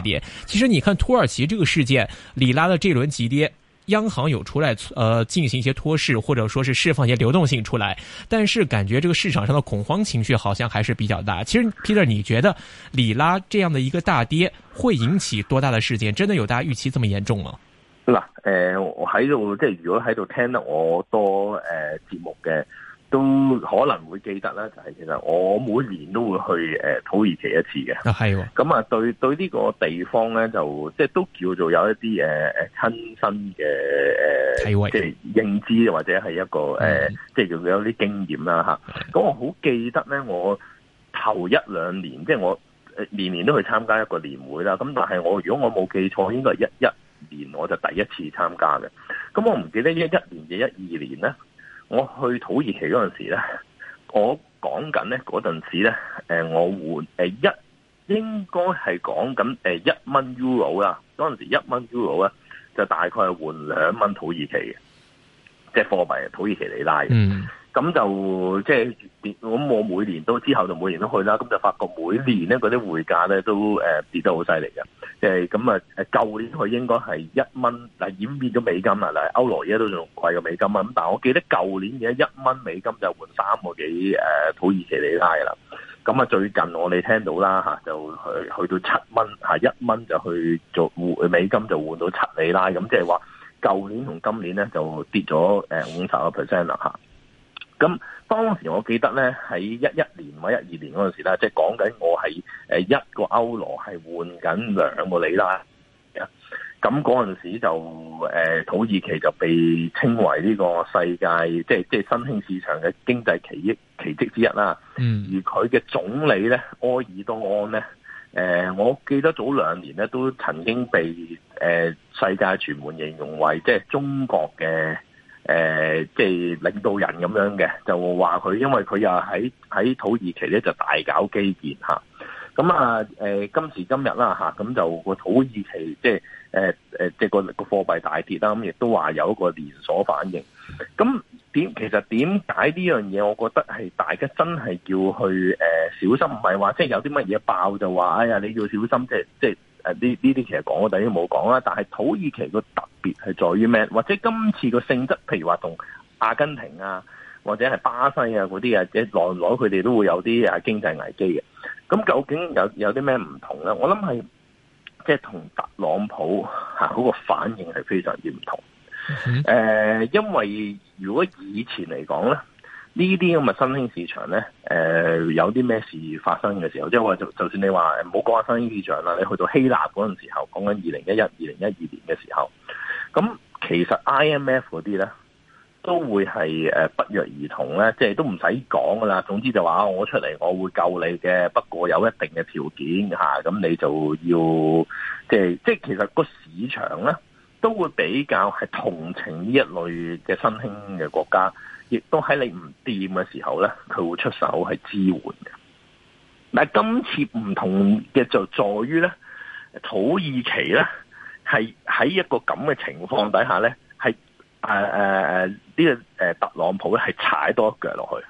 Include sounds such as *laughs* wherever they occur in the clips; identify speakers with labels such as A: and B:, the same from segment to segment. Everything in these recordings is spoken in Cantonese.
A: 跌，其實你看土耳其這個事件，里拉的這輪急跌，央行有出來呃進行一些托市，或者說是釋放一些流動性出來，但是感覺這個市場上的恐慌情緒好像還是比較大。其實 Peter，你覺得里拉這樣的一個大跌會引起多大的事件？真的有大家預期這麼嚴重嗎？
B: 吧、呃、誒，我喺度即係如果喺度聽我多誒、呃、節目嘅，都可能會記得呢，就係、是、其實我每年都會去誒、呃、土耳其一次嘅。咁、哦、啊，對對呢個地方咧，就即係都叫做有一啲誒親身嘅誒、呃，即認知或者係一個誒、呃嗯，即係叫佢有啲經驗啦嚇。咁我好記得咧，我頭一兩年即係我年年都去參加一個年會啦。咁但係我如果我冇記錯，應該係一一年我就第一次參加嘅。咁我唔記得一一年定一二年咧。我去土耳其嗰陣時咧，我講緊咧嗰陣時咧，誒，我換誒一應該係講緊誒一蚊 Euro 啦，嗰陣時一蚊 Euro 咧就大概係換兩蚊土耳其嘅，即係貨幣土耳其里拉嘅。嗯咁就即係我咁，我每年都之後就每年都去啦。咁就發覺每年咧嗰啲匯價咧都、呃、跌得好犀利嘅。即係咁啊誒，舊年佢應該係一蚊嗱，演變咗美金啦，嗱歐羅而家都仲貴過美金啊。咁但係我記得舊年而家一蚊美金就換三個幾誒、呃、土耳其里拉嘅啦。咁啊，最近我哋聽到啦吓，就去去到七蚊，一蚊就去做換美金就換到七里拉，咁即係話舊年同今年咧就跌咗誒五十個 percent 啦吓。咁當時我記得呢，喺一一年或者一二年嗰陣時咧，即係講緊我係一個歐羅係換緊兩個里拉。咁嗰陣時就誒土耳其就被稱為呢個世界即係即係新興市場嘅經濟奇蹟奇蹟之一啦。而佢嘅總理呢，埃爾多安呢，誒我記得早兩年呢都曾經被誒世界傳媒形容為即係中國嘅誒、呃，即、就、係、是、領導人咁樣嘅，就話佢因為佢又喺喺土耳其咧就大搞基建吓，咁啊誒、啊啊、今時今日啦吓，咁、啊啊、就個土耳其即係誒誒，即係個個貨幣大跌啦，咁、啊、亦都話有一個連鎖反應。咁、啊、點其實點解呢樣嘢？我覺得係大家真係要去誒、啊、小心，唔係話即係有啲乜嘢爆就話哎呀你要小心，即係即係。誒、啊，呢呢啲其實講，但都冇講啦。但係土耳其個特別係在於咩？或者今次個性質，譬如話同阿根廷啊，或者係巴西啊嗰啲啊，即係耐唔耐佢哋都會有啲啊經濟危機嘅。咁究竟有有啲咩唔同咧？我諗係即係同特朗普吓嗰個反應係非常之唔同。誒、mm
C: -hmm.
B: 呃，因為如果以前嚟講咧。呢啲咁嘅新興市場咧，誒、呃、有啲咩事發生嘅時候，即係話就、就算你話唔好講下新興市場啦，你去到希臘嗰陣時候，講緊二零一一、二零一二年嘅時候，咁其實 IMF 嗰啲咧都會係不約而同咧，即係都唔使講噶啦。總之就話我出嚟，我會救你嘅，不過有一定嘅條件吓咁、啊、你就要即係即係，其實個市場咧都會比較係同情呢一類嘅新興嘅國家。亦都喺你唔掂嘅時候咧，佢會出手係支援嘅。但係今次唔同嘅就在於咧，土耳其咧係喺一個咁嘅情況底下咧，係誒誒呢個特朗普咧係踩多一腳落去，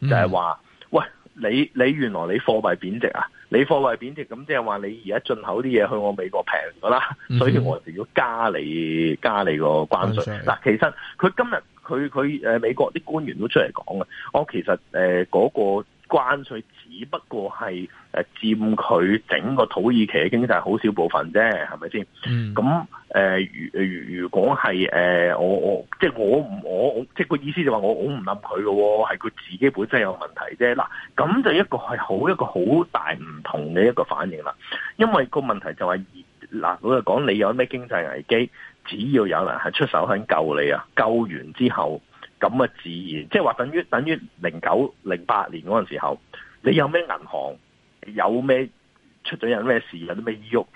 B: 嗯、就係話：喂，你你原來你貨幣貶值啊？你貨幣貶值，咁即係話你而家進口啲嘢去我美國平咗啦，所以我就要加你加你個關稅。嗱，其實佢今日。佢佢誒美國啲官員都出嚟講啊！我、哦、其實誒嗰、呃那個關稅只不過係誒佔佢整個土耳其嘅經濟好少部分啫，係咪先？嗯。咁誒如如果係誒、呃、我我即係我唔我即係個意思就話我好唔諗佢嘅喎，係佢自己本身有問題啫。嗱，咁就一個係好一個好大唔同嘅一個反應啦。因為個問題就係、是嗱，我就講，你有咩經濟危機，只要有人係出手肯救你啊，救完之後咁啊，自然即係話等於等於零九零八年嗰陣時候，你有咩銀行有咩出咗有咩事有啲咩喐，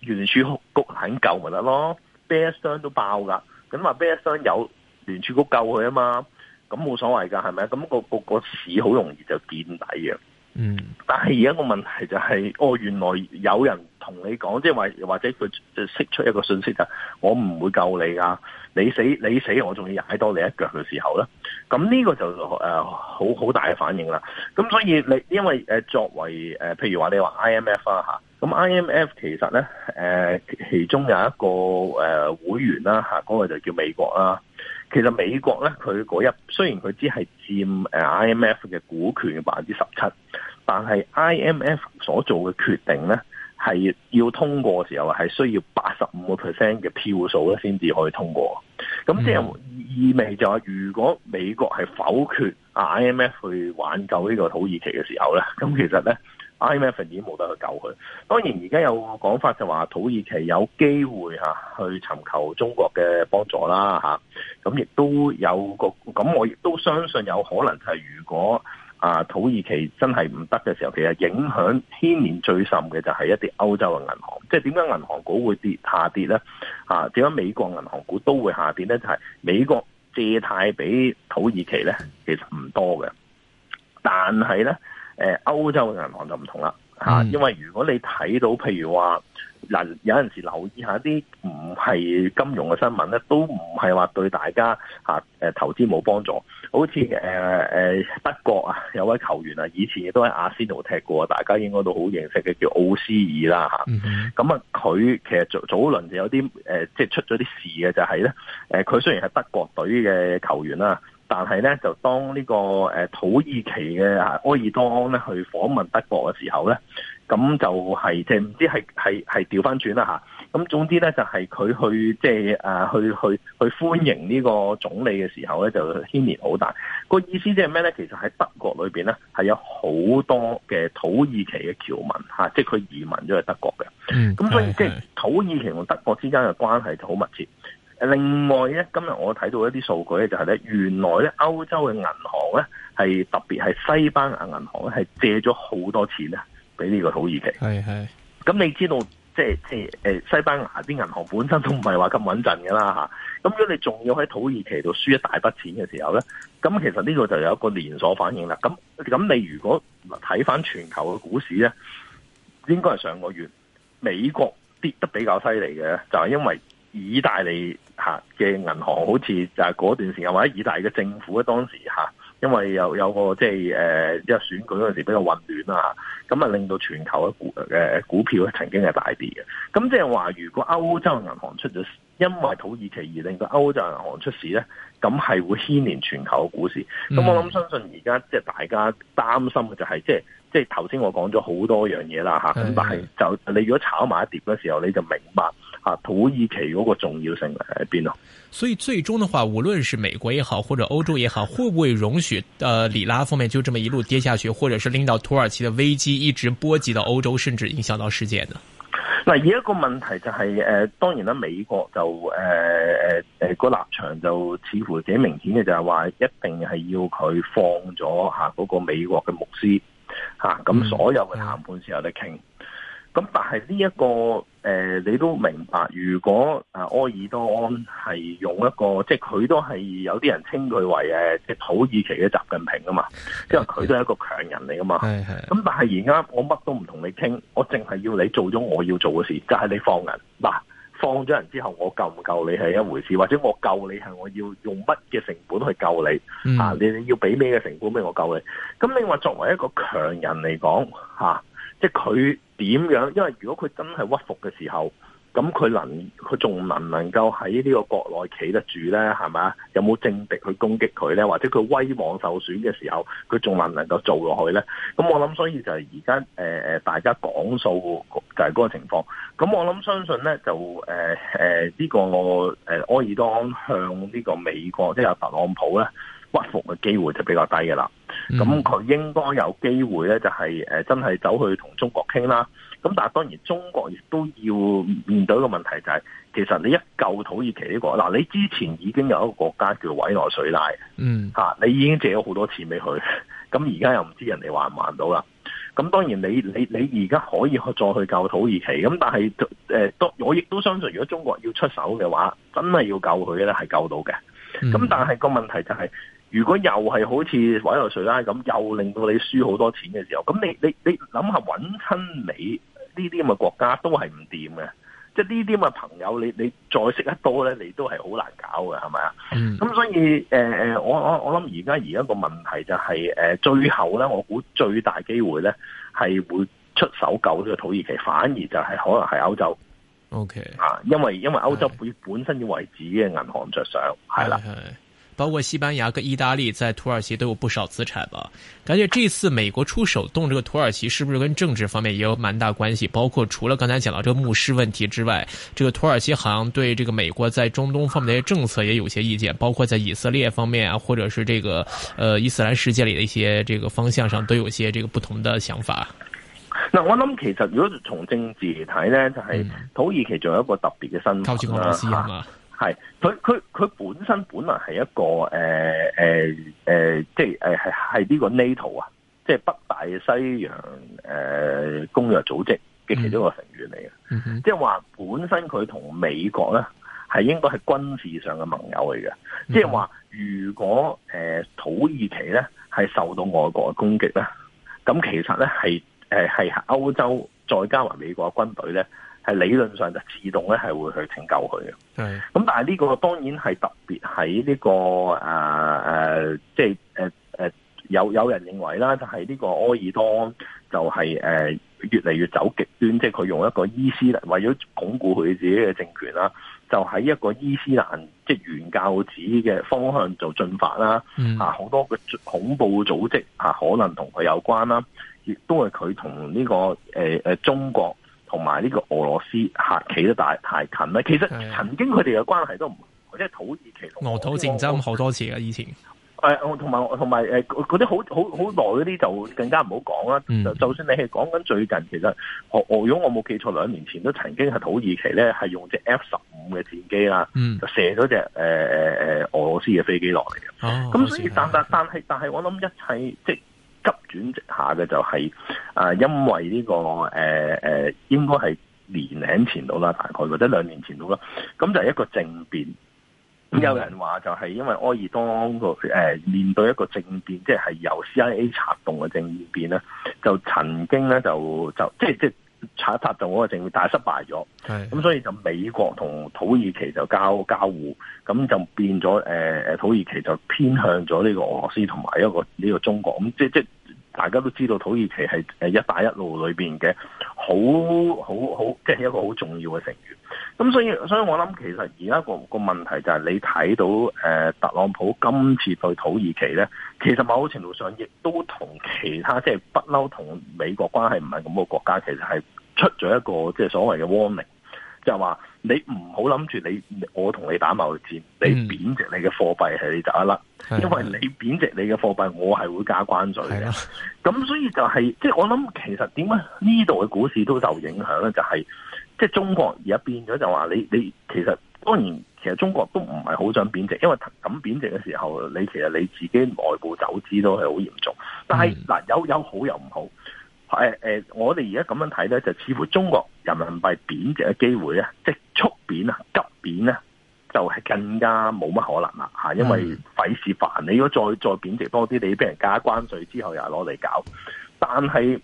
B: 聯儲局救肯救咪得咯。啤一箱商都爆噶，咁話啤一箱商有聯儲局救佢啊嘛，咁冇所謂噶，係咪咁個、個、個市好容易就見底嘅，嗯。但係而家個問題就係、係，哦，原來有人。同你講，即係話或者佢釋出一個信息就我唔會救你啊！你死你死，我仲要踩多你一腳嘅時候咧，咁呢個就好好大嘅反應啦。咁所以你因為作為譬如話你話 IMF 啦，嚇，咁 IMF 其實咧其中有一個會員啦，嗰個就叫美國啦。其實美國咧佢嗰一雖然佢只係佔 IMF 嘅股權嘅百分之十七，但係 IMF 所做嘅決定咧。係要通過嘅時候，係需要八十五個 percent 嘅票數咧，先至可以通過。咁即係意味就係，如果美國係否決 IMF 去挽救呢個土耳其嘅時候咧，咁其實咧 IMF 已經冇得去救佢。當然，而家有個講法就話土耳其有機會嚇去尋求中國嘅幫助啦，嚇咁亦都有個咁，咁我亦都相信有可能係如果。啊！土耳其真係唔得嘅時候，其實影響牽連最甚嘅就係一啲歐洲嘅銀行。即係點解銀行股會跌下跌咧？啊，點解美國銀行股都會下跌咧？就係、是、美國借貸俾土耳其咧，其實唔多嘅。但係咧，誒，歐洲嘅銀行就唔同啦。吓、嗯，因為如果你睇到，譬如話嗱，有陣時留意下啲唔係金融嘅新聞咧，都唔係話對大家吓誒、啊啊、投資冇幫助。好似誒誒德國啊，有位球員啊，以前亦都喺阿仙奴踢過，大家應該都好認識嘅，叫奧斯爾啦吓。咁啊，佢、嗯啊啊、其實早早輪就有啲誒、啊，即係出咗啲事嘅、就是，就係咧，誒、啊，佢雖然係德國隊嘅球員啦、啊。但係咧，就當呢、這個誒、啊、土耳其嘅阿埃爾多安咧去訪問德國嘅時候咧，咁就係即係唔知係係係調翻轉啦嚇。咁、啊、總之咧，就係、是、佢去即係誒去去去,去歡迎呢個總理嘅時候咧，就牽連好大。個意思即係咩咧？其實喺德國裏面咧係有好多嘅土耳其嘅僑民即係佢移民咗去德國嘅。咁所以即係土耳其同德國之間嘅關係就好密切。另外咧，今日我睇到一啲數據咧，就係咧，原來咧歐洲嘅銀行咧係特別係西班牙銀行咧係借咗好多錢啊，俾呢個土耳其。係係，咁你知道即係即係誒西班牙啲銀行本身都唔係話咁穩陣噶啦吓，咁如果你仲要喺土耳其度輸一大筆錢嘅時候咧，咁其實呢個就有一個連鎖反應啦。咁咁你如果睇翻全球嘅股市咧，應該係上個月美國跌得比較犀利嘅，就係因為。意大利嚇嘅銀行好似就係嗰段時間，或者意大利嘅政府咧，當時嚇，因為有有個即係誒一選舉嗰陣時比較混亂啊，咁啊令到全球嘅股嘅股票曾經係大跌嘅。咁即係話，如果歐洲銀行出咗，因為土耳其而令到歐洲銀行出事咧，咁係會牽連全球嘅股市。咁、嗯、我諗相信而家即係大家擔心嘅就係、是、即係即係頭先我講咗好多樣嘢啦嚇，咁但係就是你如果炒埋一碟嘅時候，你就明白。啊！土耳其嗰個重要性喺
A: 邊咯？所以最終的話，無論是美國也好，或者歐洲也好，會唔會容許誒、呃、里拉方面就這麼一路跌下去，或者是拎到土耳其嘅危機一直波及到歐洲，甚至影響到世界呢？
B: 嗱，而一個問題就係、是、誒、呃，當然啦，美國就誒誒誒個立場就似乎幾明顯嘅，就係話一定係要佢放咗吓嗰個美國嘅牧師吓，咁、啊、所有嘅談判先有得傾。嗯嗯咁但係呢一個誒、呃，你都明白，如果啊埃爾多安係用一個，即係佢都係有啲人稱佢為誒即係土耳其嘅習近平啊嘛，因為佢都係一個強人嚟啊嘛。係係。咁但係而家我乜都唔同你傾，我淨係要你做咗我要做嘅事，就係、是、你放人。嗱，放咗人之後，我救唔救你係一回事，或者我救你係我要用乜嘅成本去救你、嗯、啊？你你要俾咩嘅成本俾我救你？咁你話作為一個強人嚟講，吓、啊，即係佢。點樣？因為如果佢真係屈服嘅時候，咁佢能佢仲能唔能夠喺呢個國內企得住咧？係咪？有冇政敵去攻擊佢咧？或者佢威望受損嘅時候，佢仲能唔能夠做落去咧？咁我諗，所以就係而家誒誒，大家講數就係嗰個情況。咁我諗，相信咧就誒誒，呢、呃呃呢個誒埃、呃、爾多安向呢個美國即係、就是、特朗普咧屈服嘅機會就比較低噶啦。咁、嗯、佢應該有機會咧、就是，就、呃、係真係走去同中國傾啦。咁但係當然中國亦都要面對一個問題、就是，就係其實你一救土耳其呢、這個，嗱你之前已經有一個國家叫委內瑞拉，嗯、啊、你已經借咗好多錢俾佢，咁而家又唔知人哋還唔還到啦。咁當然你你你而家可以去再去救土耳其，咁但係誒、呃，我亦都相信如果中國要出手嘅話，真係要救佢咧，係救到嘅。咁、嗯、但係個問題就係、是。如果又係好似委內瑞拉咁，又令到你輸好多錢嘅時候，咁你你你諗下搵親你呢啲咁嘅國家都係唔掂嘅，即係呢啲咁嘅朋友，你你再識得多咧，你都係好難搞嘅，係咪啊？咁、嗯、所以誒誒、呃，我我我諗而家而家個問題就係、是、誒、呃，最後咧，我估最大機會咧係會出手救呢個土耳其，反而就係可能係歐洲。O、okay. K 啊，因為因為歐洲本本身要為自己嘅銀行着想，係、okay. 啦。
A: 包括西班牙跟意大利在土耳其都有不少資產吧？感覺這次美國出手動這個土耳其，是不是跟政治方面也有蠻大關係？包括除了剛才講到這個牧師問題之外，這個土耳其好像對這個美國在中東方面的政策也有些意見，包括在以色列方面啊，或者是這個呃伊斯蘭世界裏的一些這個方向上，都有些這個不同的想法。
B: 那我諗其實如果從政治嚟睇呢，就係土耳其仲有一個特別嘅身份嘛。係佢佢佢本身本來係一個誒誒誒，即係誒係係呢個 NATO 啊，即係北大西洋誒公約組織嘅其中一個成員嚟嘅。即係話本身佢同美國咧係應該係軍事上嘅盟友嚟嘅。即係話如果誒、呃、土耳其咧係受到外國嘅攻擊咧，咁其實咧係誒係歐洲再加埋美國嘅軍隊咧。係理論上就自動咧係會去拯救佢嘅。咁但係呢個當然係特別喺呢、這個誒誒，即係誒誒有有人認為啦，就係、是、呢個埃爾多安就係、是、誒、呃、越嚟越走極端，即係佢用一個伊斯蘭為咗鞏固佢自己嘅政權啦，就喺一個伊斯蘭即係、就是、原教旨嘅方向就進發啦。嗯、啊，好多嘅恐怖組織啊，可能同佢有關啦，亦都係佢同呢個誒誒、呃、中國。同埋呢個俄羅斯客企得太太近其實曾經佢哋嘅關係都唔好，即係土耳其
A: 俄土戰爭好多次啦、啊，以前。
B: 誒、哎，同埋同埋誒嗰啲好好好耐啲就更加唔好講啦。就算你係講緊最近，其實俄俄如果我冇記錯，兩年前都曾經係土耳其咧，係用隻 F 十五嘅戰機啦，嗯、就射咗隻誒誒誒俄羅斯嘅飛機落嚟嘅。
C: 咁所
B: 以但但但係但係我諗一切即。急轉直下嘅就係、是、啊，因為呢、這個誒誒、呃、應該係年兩前度啦，大概或者兩年前度啦，咁就係一個政變。嗯、有人話就係因為埃爾多安個誒、呃、面對一個政變，即、就、係、是、由 CIA 策動嘅政變咧，就曾經咧就就即係即。就是就是踩一踏就嗰個政府，但係失敗咗，咁所以就美國同土耳其就交交互，咁就變咗誒誒土耳其就偏向咗呢個俄羅斯同埋一個呢、這個中國，咁即即大家都知道土耳其係誒一帶一路裏邊嘅好好好，即係、就是、一個好重要嘅成員。咁所以所以我諗，其實而家個個問題就係你睇到誒、呃、特朗普今次去土耳其咧，其實某程度上亦都同其他即係不嬲同美國關係唔係咁嘅國家，其實係。出咗一個即係所謂嘅 warning，就係話你唔好諗住你我同你打貿易戰，你貶值你嘅貨幣係你得啦、嗯、因為你貶值你嘅貨幣，我係會加關稅嘅。咁、嗯、所以就係即係我諗，其實點解呢度嘅股市都受影響咧，就係即係中國而家變咗就話你你其實當然其實中國都唔係好想貶值，因為咁貶值嘅時候，你其實你自己內部走資都係好嚴重。但係嗱、嗯，有有好有唔好。誒、哎、誒、呃，我哋而家咁樣睇咧，就似乎中國人民幣貶值嘅機會咧，即係速貶啊、急貶咧，就係更加冇乜可能啦吓，因為費事煩你。如果再再貶值多啲，你俾人加關稅之後又攞嚟搞。但係誒、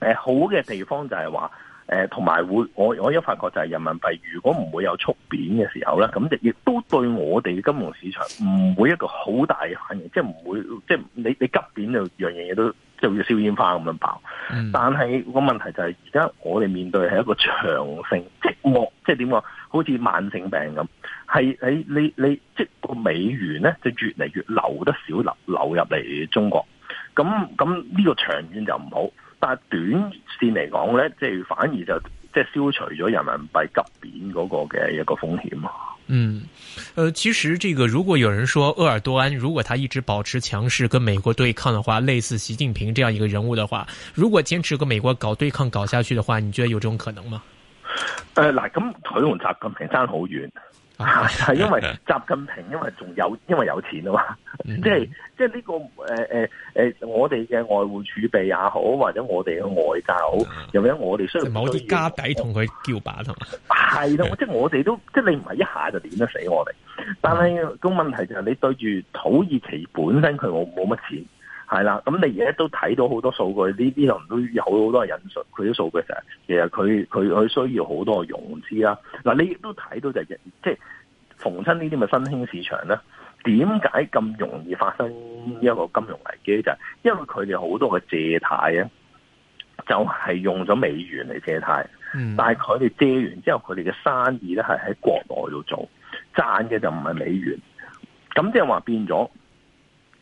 B: 呃、好嘅地方就係話，誒同埋會我我一發覺就係人民幣如果唔會有速貶嘅時候咧，咁亦亦都對我哋嘅金融市場唔會一個好大嘅反應，即係唔會即係、就是、你你急貶就樣樣嘢都。就好似燒煙花咁樣爆，但係個問題就係而家我哋面對係一個長性，寂寞，即係點講？好似慢性病咁，係誒你，你即係個美元咧，就越嚟越流得少，流流入嚟中國，咁咁呢個長遠就唔好，但係短線嚟講咧，即係反而就。即係消除咗人民幣急貶嗰個嘅一個風險啊！嗯，誒、
A: 呃，其實這個如果有人說鄂爾多安如果他一直保持強勢跟美國對抗的話，類似習近平這樣一個人物的話，如果堅持跟美國搞對抗搞下去的話，你覺得有這種可能嗎？
B: 誒、呃，嗱，咁佢同習近平爭好遠。係 *laughs* 因為習近平，因為仲有，因為有錢啊嘛，即係即係呢個誒誒誒，我哋嘅外匯儲備也好，或者我哋嘅外債也好，又 *laughs* 冇我哋需要，需要某啲家底同
A: 佢叫板同。
B: 係 *laughs* 啦是的，即 *laughs* 係我哋都即係、就是、你唔係一下就點得死我哋，但係個問題就係你對住土耳其本身佢冇冇乜錢。係啦，咁你而家都睇到好多數據，呢啲能都有好多人引述佢啲數據嘅、就係。其實佢佢佢需要好多嘅融資啦。嗱，你亦都睇到就係、即係逢親呢啲咁嘅新興市場咧，點解咁容易發生一個金融危機？就係、係、因為佢哋好多嘅借貸啊，就係用咗美元嚟借貸、嗯，但係佢哋借完之後，佢哋嘅生意咧係喺國內度做，賺嘅就唔係美元。咁即係話變咗。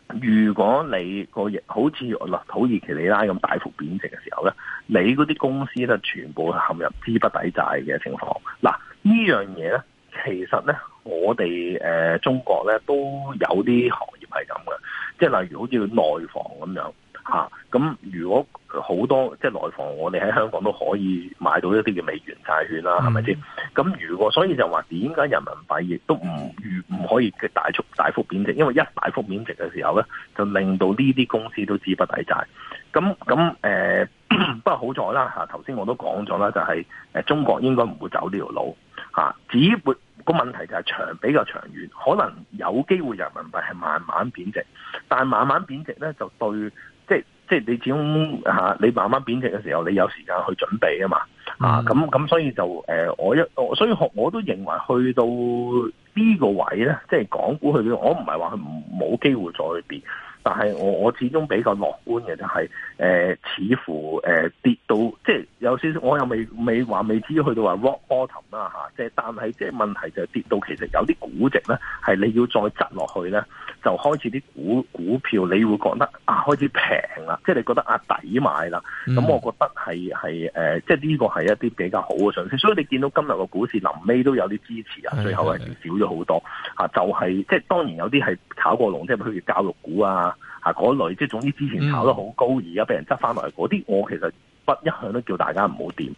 B: 如果你個好似嗱，土耳其里拉咁大幅貶值嘅時候咧，你嗰啲公司咧全部陷入資不抵債嘅情況。嗱，樣呢樣嘢咧，其實咧我哋、呃、中國咧都有啲行業係咁嘅，即係例如好似內房咁樣。吓、啊、咁如果好多即係內房，我哋喺香港都可以買到一啲嘅美元債券啦，係咪先？咁、mm -hmm. 如果所以就話點解人民幣亦都唔唔可以大大幅貶值？因為一大幅貶值嘅時候咧，就令到呢啲公司都資不抵債。咁咁、呃、 *coughs* 不過好在啦頭先、啊、我都講咗啦，就係、誒、中國應該唔會走呢條路嚇、啊。只不過個問題就係長比較長遠，可能有機會人民幣係慢慢貶值，但係慢慢貶值咧就對。即係即係你始終吓、啊，你慢慢貶值嘅時候，你有時間去準備啊嘛，咁、嗯、咁，啊、所以就誒、呃，我一我，所以我都認為去到呢個位咧，即係港股去，我唔係話佢冇機會再跌，但係我我始終比較樂觀嘅就係、是、誒、呃，似乎誒、呃、跌到即係有少少，我又未未話未，未知去到話 rock bottom 啦、啊、吓，即係但係即係問題就係跌到其實有啲估值咧，係你要再執落去咧。就開始啲股股票，你會覺得啊開始平啦，即係你覺得啊抵買啦。咁、嗯、我覺得係係、呃、即係呢個係一啲比較好嘅信息，所以你見到今日個股市臨尾都有啲支持啊，最後係少咗好多是的是的、啊、就係、是、即係當然有啲係炒過龍，即係譬如教育股啊嗰、啊、類，即係總之之前炒得好高，而家俾人執翻落嚟嗰啲，我其實不一向都叫大家唔好掂。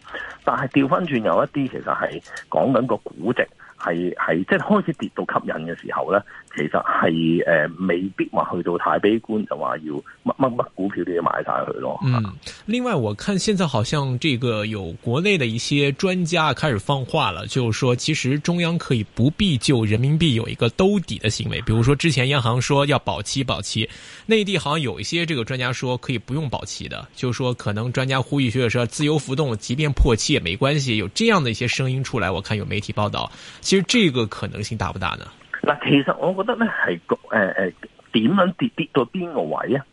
B: 但係調翻轉有一啲其實係講緊個估值係即係開始跌到吸引嘅時候咧。其實係誒，未必話去到太悲觀，就話要乜乜乜股票都要買晒佢咯。嗯，
A: 另外，我看現在好像這個有國內的一些專家開始放話了，就是說，其實中央可以不必就人民幣有一個兜底的行為。比如說，之前央行說要保期保期，內地好像有一些這個專家說可以不用保期的，就是說可能專家呼籲學者說自由浮動，即便破期也沒關係。有這樣的一些聲音出來，我看有媒體報道，其實這個可能性大不大呢？
B: 嗱，其實我覺得咧係，誒誒，點樣跌跌到邊個位啊？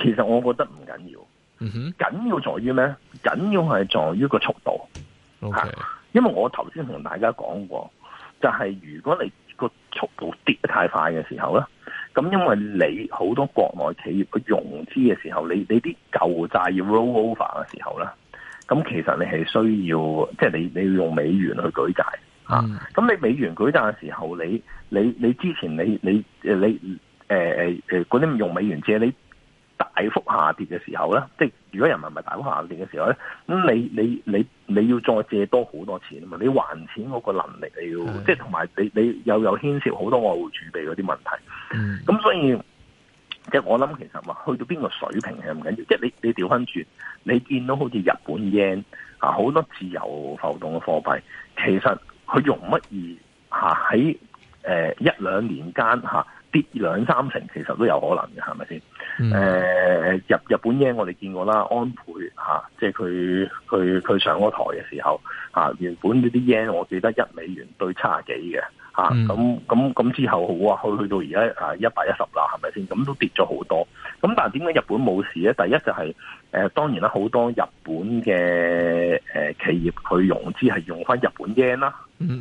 B: 其實我覺得唔緊要，
C: 嗯
B: 哼，緊要在於咩？緊要係在於個速度，okay. 因為我頭先同大家講過，就係、是、如果你個速度跌得太快嘅時候咧，咁因為你好多國內企業嘅融資嘅時候，你你啲舊債要 roll over 嘅時候咧，咁其實你係需要，即、就、係、是、你你要用美元去舉債。啊、嗯！咁你美元舉債嘅時候，你你你之前你你你誒誒誒嗰啲用美元借，你大幅下跌嘅時候咧，即係如果人民幣大幅下跌嘅時候咧，咁你你你你要再借多好多錢啊嘛！你還錢嗰個能力你要，即係同埋你你又有牽涉好多外匯儲備嗰啲問題。咁所以即係、就是、我諗其實話去到邊個水平係唔緊要，即係你你調翻轉，你見到好似日本 yen 啊好多自由浮動嘅貨幣，其實。佢容乜易喺一兩年間、啊、跌兩三成，其實都有可能嘅，係咪先？誒、嗯、日、呃、日本 yen 我哋見過啦，安倍、啊、即係佢佢佢上咗台嘅時候、啊、原本呢啲 yen 我記得一美元對七十幾嘅。咁咁咁之後好啊，去去到而家啊一百一十啦，係咪先？咁都跌咗好多。咁但係點解日本冇事咧？第一就係、是、誒、呃，當然啦，好多日本嘅誒、呃、企業去融資係用翻日本 yen 啦，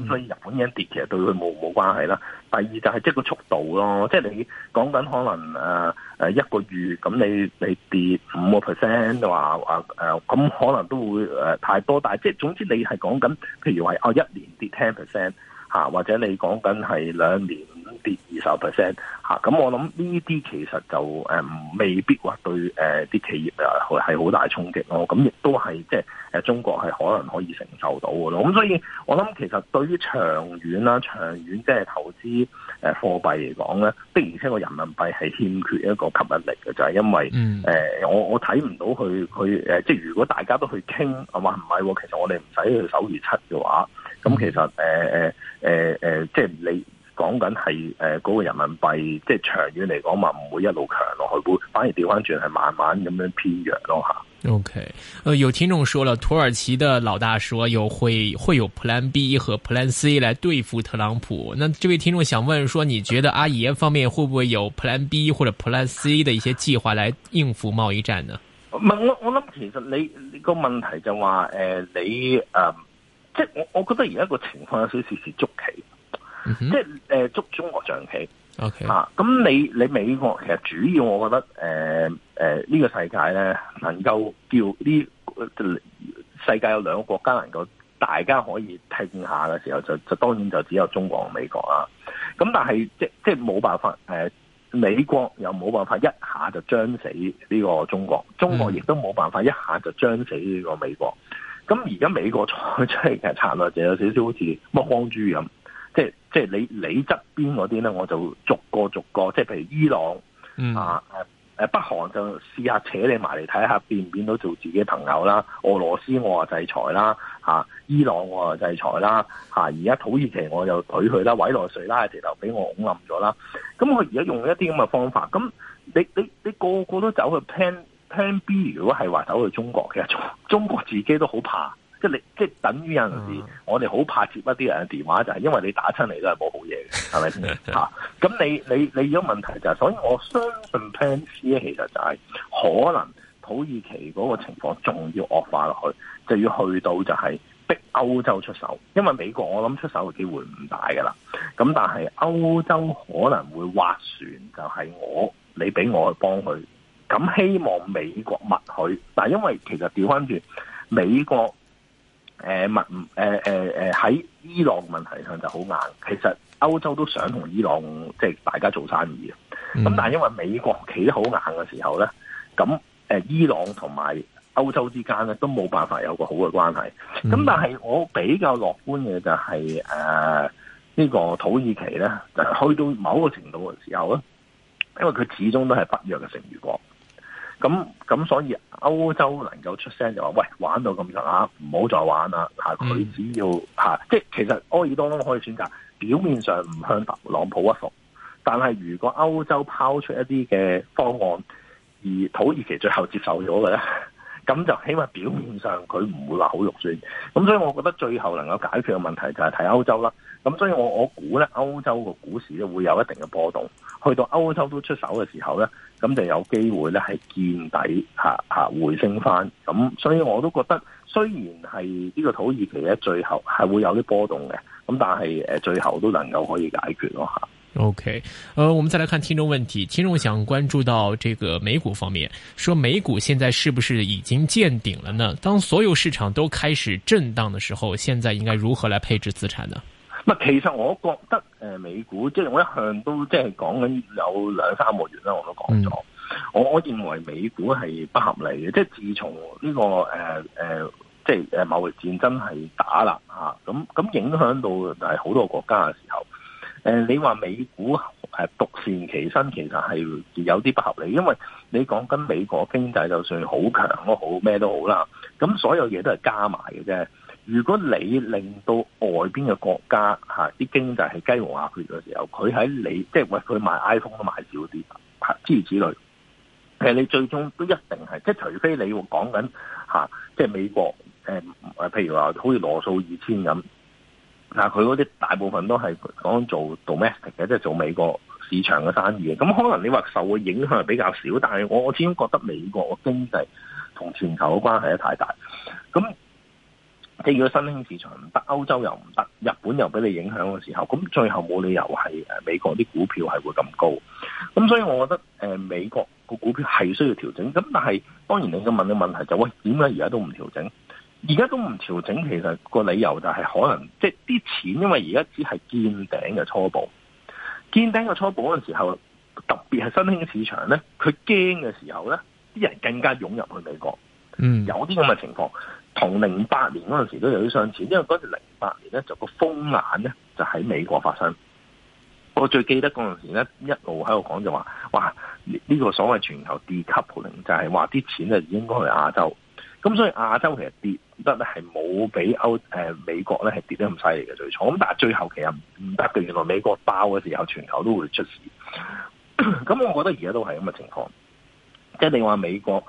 B: 所以日本 yen 跌其實對佢冇冇關係啦。第二就係即係個速度咯，即、就、係、是、你講緊可能誒、呃、一個月咁，你你跌五個 percent，話話咁、呃呃、可能都會誒、呃、太多。但係即係總之你係講緊，譬如話我、啊、一年跌 ten percent。吓，或者你講緊係兩年跌二十 percent 吓，咁我諗呢啲其實就誒未必話對誒啲、呃、企業又係好大衝擊咯。咁亦都係即係誒中國係可能可以承受到嘅咯。咁所以我諗其實對於長遠啦，長遠即係投資誒貨幣嚟講咧，的、呃、而且確人民幣係欠缺一個吸引力嘅，就係、是、因為誒、嗯呃、我我睇唔到佢佢誒即係如果大家都去傾係嘛唔係，其實我哋唔使去手預測嘅話。咁、嗯嗯、其實誒誒誒誒，即係你講緊係誒嗰個人民幣，即係長遠嚟講嘛，唔會一路強落去，會反而調翻轉係慢慢咁樣偏弱咯吓。
A: OK，誒、呃，有聽眾說了，土耳其的老大說又會會有 Plan B 和 Plan C 來對付特朗普。那這位聽眾想問說，你覺得阿爺方面會唔會有 Plan B 或者 Plan C 的一些計劃來應付貿易戰呢？唔、
B: 嗯、係我我諗，我其實你你個問題就話誒、呃，你誒。呃即係我，我覺得而家個情況有少少似捉棋，
A: 嗯、即
B: 係誒捉中國象棋。O、okay. K。啊，咁你你美國其實主要我覺得誒誒呢個世界咧，能夠叫呢世界有兩個國家能夠大家可以聽下嘅時候就，就就當然就只有中國同美國啦、啊。咁、啊、但係即即係冇辦法，誒、呃、美國又冇辦法一下就將死呢個中國，中國亦都冇辦法一下就將死呢個美國。嗯嗯咁而家美國即出其實策略就有少少好似剝光豬咁，即係即係你你側邊嗰啲咧，我就逐個逐個，即係譬如伊朗、嗯、啊，北韓就試下扯你埋嚟睇下，變唔變到做自己朋友啦？俄羅斯我話制裁啦，啊、伊朗我話制裁啦，而、啊、家土耳其我又懟佢啦，委內瑞拉直頭俾我拱冧咗啦。咁我而家用一啲咁嘅方法，咁你你你個個都走去 plan Plan B 如果係話走去中國，其實中國自己都好怕，即係你即係等於有陣時我哋好怕接一啲人嘅電話，就係、是、因為你打親嚟都係冇好嘢嘅，係咪 *laughs* 啊？咁你你你如果問題就係、是，所以我相信 Plan C 其實就係可能土耳其嗰個情況仲要惡化落去，就要去到就係逼歐洲出手，因為美國我諗出手嘅機會唔大噶啦。咁但係歐洲可能會划船就是我，就係我你俾我去幫佢。咁希望美國默許，但因為其實調翻轉美國誒默喺伊朗問題上就好硬，其實歐洲都想同伊朗即係、就是、大家做生意咁，但係因為美國企得好硬嘅時候咧，咁、呃、伊朗同埋歐洲之間咧都冇辦法有個好嘅關係。咁但係我比較樂觀嘅就係誒呢個土耳其咧，就去到某個程度嘅時候咧，因為佢始終都係北約嘅成員國。咁咁所以歐洲能夠出聲就話：喂，玩到咁上下，唔好再玩啦！佢只要、嗯、即係其實歐爾多可以選擇表面上唔向特朗普屈服，但係如果歐洲拋出一啲嘅方案，而土耳其最後接受咗嘅咧，咁就起碼表面上佢唔會話好肉酸。咁所以，我覺得最後能夠解決嘅問題就係睇歐洲啦。咁所以我我估呢，歐洲個股市呢，會有一定嘅波動，去到歐洲都出手嘅時候呢，咁就有機會呢係見底吓吓回升翻。咁所以我都覺得雖然係呢個土耳其呢，最後係會有啲波動嘅，咁但係誒最後都能夠可以解決咯吓。
A: OK，呃，我們再來看聽眾問題。聽眾想關注到這個美股方面，說美股現在是不是已經見頂了呢？當所有市場都開始震盪的時候，現在應該如何來配置資產呢？
B: 其實我覺得誒、呃、美股，即係我一向都即係講緊有兩三個月啦、嗯，我都講咗。我我認為美股係不合理嘅，即係自從呢、這個誒誒、呃呃，即係誒某個戰爭係打啦嚇，咁、啊、咁影響到係好多國家嘅時候。誒、呃，你話美股誒獨善其身，其實係有啲不合理，因為你講緊美國經濟就算很強好強都好咩都好啦，咁所有嘢都係加埋嘅啫。如果你令到外邊嘅國家嚇啲、啊、經濟係雞毛鴨血嘅時候，佢喺你即係佢賣 iPhone 都賣少啲，係諸如此類。誒，你最終都一定係，即係除非你講緊吓，即係美國誒、啊，譬如話好似羅素二千咁，但佢嗰啲大部分都係講做 domestic 嘅，即係做美國市場嘅生意咁，可能你話受嘅影響比較少，但係我我始終覺得美國嘅經濟同全球嘅關係都太大咁。你如果新興市場唔得，歐洲又唔得，日本又俾你影響嘅時候，咁最後冇理由係誒美國啲股票係會咁高。咁所以，我覺得誒美國個股票係需要調整。咁但係當然，你咁問嘅問題就係：喂、哎，點解而家都唔調整？而家都唔調整，其實個理由就係可能即係啲錢，因為而家只係見頂嘅初步。見頂嘅初步嗰陣時候，特別係新興市場咧，佢驚嘅時候咧，啲人更加湧入去美國。嗯，有啲咁嘅情況。同零八年嗰陣時都有啲相似，因為嗰陣零八年咧就、個風眼咧就喺美國發生。我最記得嗰陣時咧一路喺度講就話，哇呢、呢個所謂全球 decoupling 就係話啲錢咧應該去亞洲，咁所以亞洲其實跌得咧係冇俾歐誒美國咧係跌得咁犀利嘅最初。咁但係最後其實唔得嘅，原來美國爆嘅時候全球都會出事。咁 *coughs* 我覺得而家都係咁嘅情況，即係你話美國。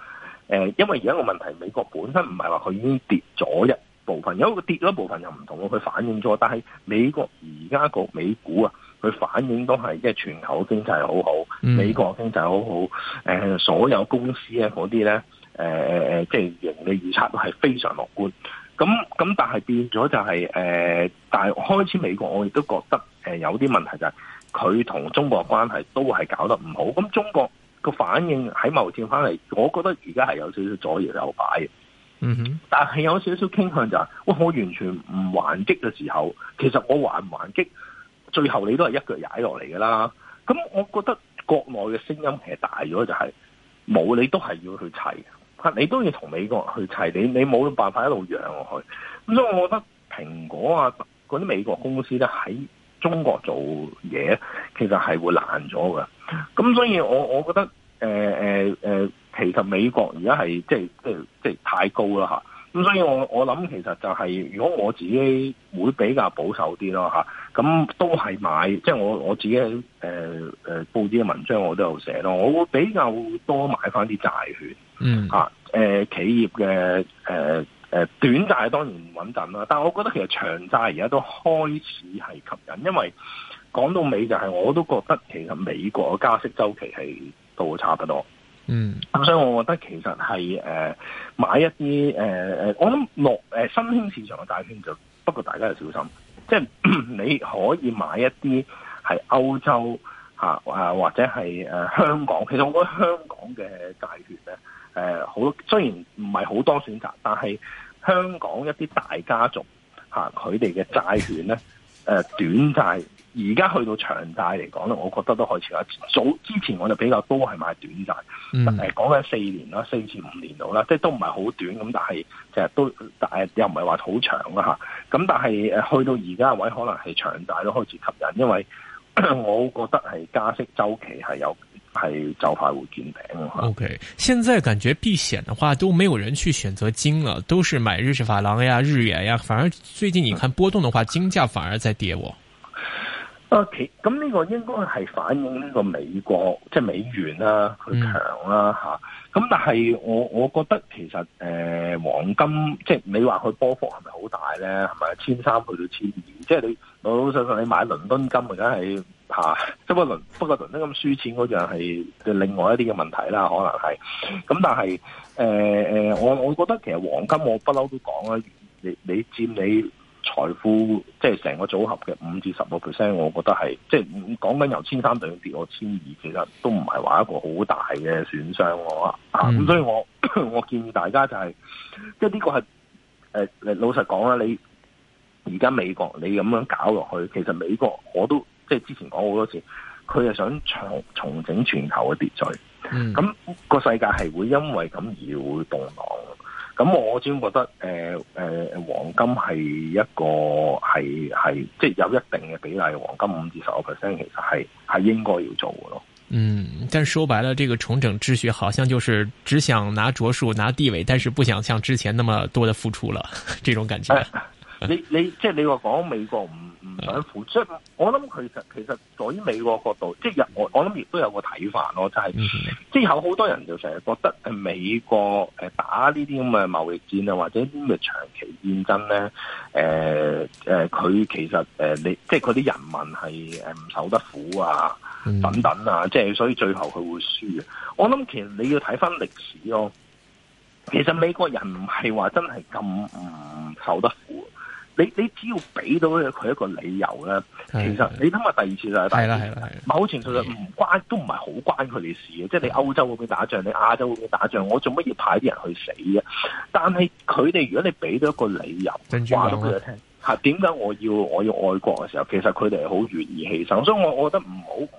B: 誒，因為而家個問題，美國本身唔係話佢已經跌咗一部分，因為跌咗一部分又唔同，佢反映咗。但係美國而家個美股啊，佢反映都係即係全球經濟好好，美國經濟好好，誒、呃，所有公司啊嗰啲咧，誒誒誒，即係盈利預測都係非常樂觀。咁咁，但係變咗就係、是，誒、呃，但係開始美國我亦都覺得，誒，有啲問題就係佢同中國嘅關係都係搞得唔好。咁中國。個反應喺某處翻嚟，我覺得而家係有少少左搖右擺嘅，嗯哼，但係有少少傾向就係，喂，我完全唔還擊嘅時候，其實我還唔還擊，最後你都係一腳踩落嚟噶啦。咁我覺得國內嘅聲音係大咗、就是，就係冇你都係要去砌，吓你都要同美國人去砌，你你冇辦法一路讓落去。咁所以我覺得蘋果啊，嗰啲美國公司咧喺。中國做嘢其實係會難咗㗎。咁所以我我覺得誒、呃呃、其實美國而家係即係即係即係太高啦，咁所以我我諗其實就係、是、如果我自己會比較保守啲咯，咁都係買即係、就是、我我自己誒、呃、報紙嘅文章我都有寫咯，我會比較多買翻啲債券，嗯、呃、企業嘅誒。呃誒，短債當然唔穩陣啦，但係我覺得其實長債而家都開始係吸引，因為講到尾就係我都覺得其實美國嘅加息周期係到差不多，嗯，咁所以我覺得其實係誒買一啲誒誒，我諗落誒新興市場嘅債券就不過大家要小心，即係， *coughs* 你可以買一啲係歐洲吓啊或者係誒香港，其實我覺得香港嘅債券咧。誒，好，雖然唔係好多選擇，但係香港一啲大家族吓，佢哋嘅債券咧，誒，短債而家去到長債嚟講咧，我覺得都開始啦。早之前我就比較多係買短債，但係講緊四年啦，四至五年度啦，即係都唔係好短咁，但係其實都誒又唔係話好長啦吓。咁但係誒去到而家位，可能係長債都開始吸引，因為我覺得係加息週期係有。係就快會見頂
A: 咯。O、okay, K，現在感覺避險嘅話都沒有人去選擇金了，都是買瑞士法郎呀、啊、日元呀、啊。反而最近你看波動的話，嗯、金價反而在跌。O
B: 咁呢個應該係反映呢個美國即係美元啦、啊，佢強啦、啊、吓。咁、嗯、但係我我覺得其實誒、呃、黃金即係你話佢波幅係咪好大呢？係咪千三去到千二？1, -1, 2 -1, 2, -2, 即係你老老實實你買倫敦金或者係。吓，即係不倫，不過倫登咁輸錢嗰樣係另外一啲嘅問題啦，可能係，咁但係，誒、呃、誒，我我覺得其實黃金我不嬲都講啦，你你佔你財富即係成個組合嘅五至十個 percent，我覺得係，即係講緊由千三度跌到千二，說 1200, 其實都唔係話一個好大嘅損傷啊，咁、嗯、所以我我建議大家就係、是，即係呢個係誒、呃，老實講啦，你而家美國你咁樣搞落去，其實美國我都。即係之前講好多次，佢係想重重整全球嘅秩序，咁、嗯、個世界係會因為咁而會動盪。咁我只覺得誒誒、呃呃，黃金係一個係係，即係、就是、有一定嘅比例，黃金五至十個 percent，其實係係應該要做嘅咯。嗯，
A: 但說白了，這個重整秩序，好像就是只想拿着數、拿地位，但是不想像之前那麼多的付出了，這種感覺。哎 *music* 你
B: 你即係你話，講美國唔唔想負，即係、 *music* 就是、我諗其實其實在於美國角度，即、就、係、是、我我諗亦都有個睇法咯，就係即係有好多人就成日覺得誒美國誒、呃、打呢啲咁嘅貿易戰啊，或者啲咁嘅長期戰爭咧，誒誒佢其實誒你、呃、即係佢啲人民係誒唔受得苦啊 *music* 等等啊，即係所以最後佢會輸。我諗其實你要睇翻歷史咯、啊，其實美國人唔係話真係咁唔受得苦。你你只要俾到佢一個理由咧，其實你諗下第二次就係某程度上唔關都唔係好關佢哋事嘅，即係你歐洲會唔會打仗，你亞洲會唔會打仗，我做乜要派啲人去死嘅？但係佢哋如果你俾到一個理由，話畀佢哋聽。啊！點解我要我要愛國嘅時候，其實佢哋係好願意犧牲，所以我我覺得唔好誤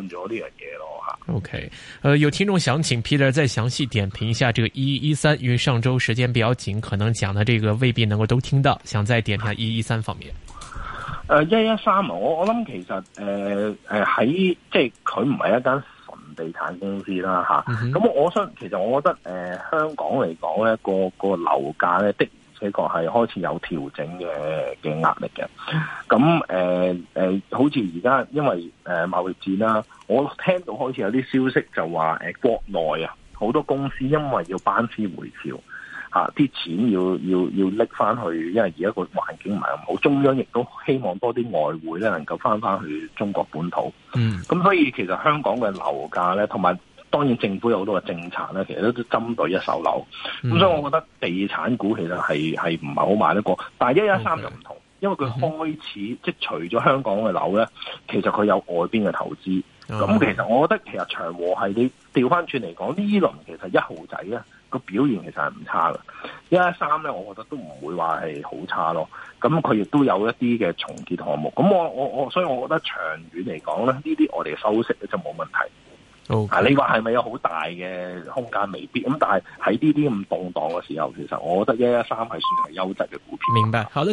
B: 判咗呢樣嘢咯
A: 嚇。OK，誒、呃，有聽眾想請 Peter 再詳細點評一下這個一一三，因為上周時間比較緊，可能講的這個未必能夠都聽到，想再點一下一一三方面。
B: 誒一一三啊，我我諗其實誒誒喺即係佢唔係一間純地產公司啦嚇，咁、啊嗯、我想其實我覺得誒、呃、香港嚟講咧個個樓價咧的。呢個係開始有調整嘅嘅壓力嘅，咁誒誒，好似而家因為誒、呃、貿易戰啦，我聽到開始有啲消息就話誒、呃、國內啊好多公司因為要班師回朝嚇，啲、啊、錢要要要拎翻去，因為而家個環境唔係咁好，中央亦都希望多啲外匯咧能夠翻翻去中國本土，嗯，咁所以其實香港嘅樓價咧，同埋，當然政府有好多嘅政策咧，其實都都針對一手樓。咁、嗯、所以，我覺得地產股其實係係唔係好買得過。但係一一三就唔同，okay. 因為佢開始、嗯、即係除咗香港嘅樓咧，其實佢有外邊嘅投資。咁、okay. 其實我覺得其實長和係你調翻轉嚟講，呢輪其實一號仔咧個表現其實係唔差嘅。一一三咧，我覺得都唔會話係好差咯。咁佢亦都有一啲嘅重組項目。咁我我我所以，我覺得長遠嚟講咧，呢啲我哋嘅收息咧就冇問題。
A: 嗱，okay，你話係
B: 咪有好大嘅空間未必咁，但係喺呢啲咁動盪嘅時候，其實我覺得一一三係算係優質嘅股
A: 票。明白。